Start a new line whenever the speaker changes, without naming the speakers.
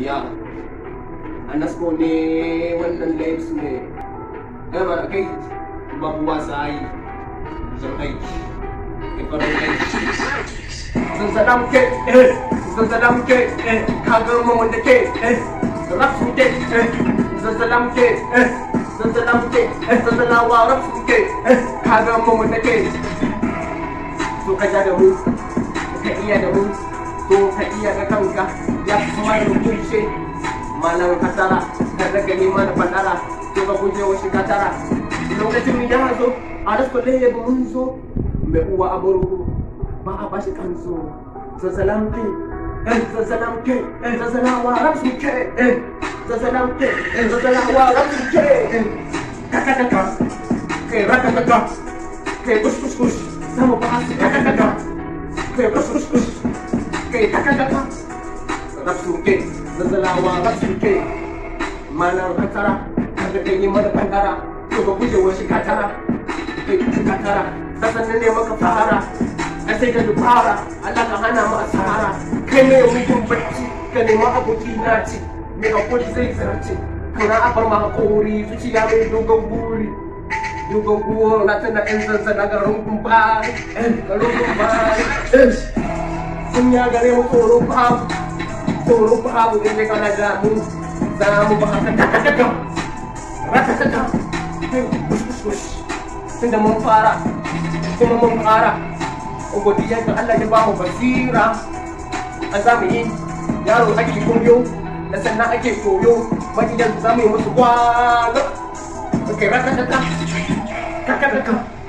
Yeah. Underscore ne wannan lips ne. Ever kai babuwa sai. Zan aiki. Ifar aiki. Sun sadam ke eh. Sun sadam ke eh. Kagar mu wanda ke eh. Rafu ke eh. Sun sadam ke eh. Sun sadam ke eh. Sun sadawa rafu ke eh. Kagar mu wanda ke. So ka ja da mu. Ka iya da mu. ko ka iya ga kanka ya fi kuma da mutunce malam kasara ka daga nema da fadara ko ka guje wa shiga tara lokacin ya zo a rasu da ya mun zo mai uwa a burugu ba a bashi kanzo zazzalam ke eh zazzalam ke eh zazzalawa rasu ke eh zazzalam ke eh zazzalawa rasu ke eh kaka kai raka kai kus kus ba su kaka kai kus surke takadaka rap surke zazzalawa rap surke malar katara kaga ɗanyi mara bandara to ga gujewar shi katara ke shi katara sassan ne maka fara a sai ka dubara Allah ka hana mu asara kai mai mutum bacci ka nemi aboki na ce mai hakuri zai zarce kana abar ma hakuri zuciya mai dogon buri dogon goro na tana yan zanzana garin kumbari garin kumbari in ya gare mu tsoro babu tsoro babu in dai kana da mu za mu ba haka ta daga raka daga tunda mun fara kuma mun fara godiya ga Allah ya ba mu basira a zamani yaro ake koyo da sannan ake koyo magidan za mu yi musu gwalo kai raka daga raka daga